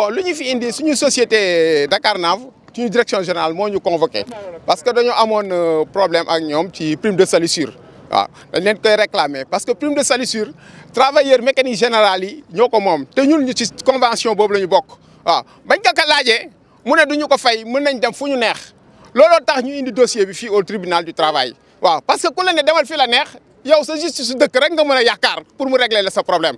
Nous avons une fi société direction générale nous convoqué parce que avons un euh, problème avec les prime de salissure Nous été réclamés parce que prime de salissure les travailleurs général générales nous avons tenu convention Nous nous bokk bañ nous nous dossier au tribunal du travail parce que quand la a fait la justice pour me régler ce problème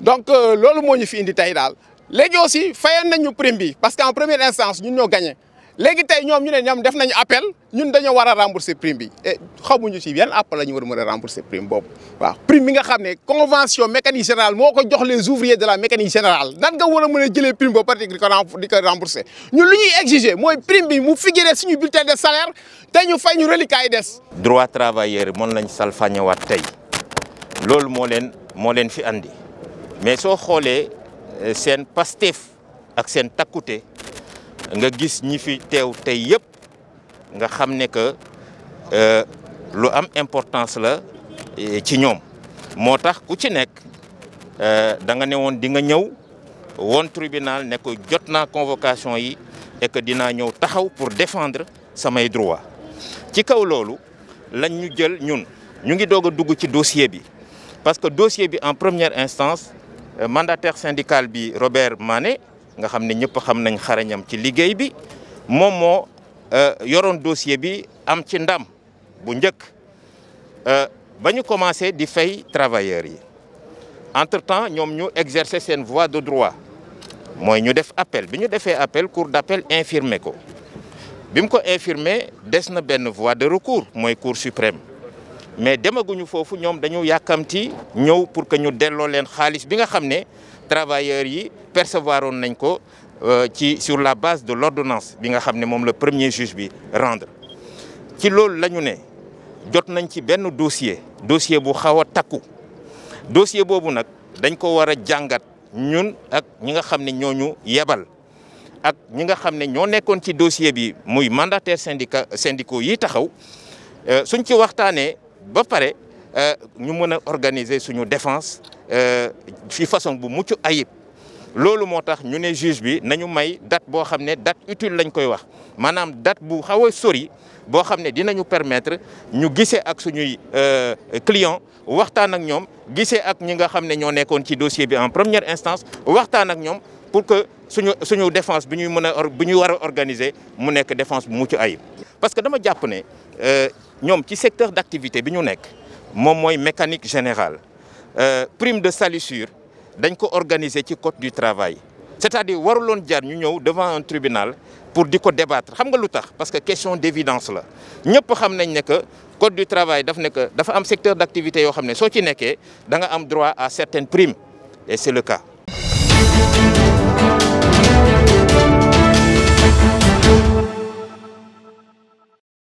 donc euh, loolu moo ñu fi indi tey daal léegi aussi fayoon nañu prime bi parce qu'en en première instance ñun ñoo gagné léegi tey ñoom ñu ne ñoom def nañu appel ñun dañoo wara a rembourser prime bi et xamuñu ci yan appel la ñu war a mën rembourser prime boobu waaw prime bi nga xam convention mécanique générale moo ko jox les ouvriers de la mécanique générale nan nga war a mën a prime boobu parce que di ko di ko rembourser ñun lu exiger mooy prime bi mu figurer suñu bulletin de salaire te ñu fay ñu reliquats des. droit travailleur Mon lañ salfaañewaat tey loolu moo leen moo leen fi andi mais soo xoolee euh, seen Pastef ak seen takkute nga gis ñi fi teew tey yëpp nga xam ne que euh, lu am importance la euh, ci ñoom moo tax ku ci nekk da nga ne di nga tribunal ne ko jot convocation yi et que dinaa ñëw taxaw pour défendre samay droit ci kaw loolu lañ ñu jël ñun ñu ngi doog dugg ci dossier bi parce que dossier bi en première instance euh, mandataire syndical bi Robert Mané nga xamné ne ñëpp xam nañ xarañam ci liggéey bi moom moo euh, yoron dossier bi am ci ndam bu ñëk euh bañu commencé di fay travailleurs yi entre temps ñom ñu exercer sen voie de droit moy ñu def appel bi ñu appel cour d'appel infirmé ko Bim ko infirmé des na benn voie de recours moy cour suprême mais demaguñu fofu ñom dañu yakamti ñew pour que ñu dello leen xaliss bi nga xamné ne travailleurs yi percevoir nañ ko euh, ci sur la base de l'ordonnance bi nga xamné mom le premier juge bi rendre ci lool lañu né jot nañ ci benn dossier dossier bu xaw a takku dossier bobu nak dañ ko wara jangat ñun ak ñi nga xamné ñoñu yebal ak ñi nga xamné ne nekkon ci dossier bi muy mandataire syndicat syndicaux yi taxaw euh, suñ ci waxtaanee ba pare euh, ñu mën a organiser suñu défense fi euh, façon bu mucc ayib loolu moo tax ñu ne juge bi nañu may date boo xam ne date utile lañ koy wax maanaam date bu xaw a sori boo xam dinañu permettre ñu gisee ak suñuy euh, client waxtaan ak ñoom gisee ak ñi nga xam ne ñoo ci dossier bi en première instance waxtaan ak ñoom pour que suñu suñu défense bi ñuy mën a bi organiser mu nekk défense bu mucc ayib parce que dama jàpp ne dans ci secteur d'activité, nous sommes mécanique générale euh, prime de salissure dañ ko organisé le code du travail C'est à dire nous nous ñu devant un tribunal pour débattre xam parce que c'est une question d'évidence. Nous xam nañ ne que code du travail daf un secteur d'activité. Si yoo droit à certaines primes et c'est le cas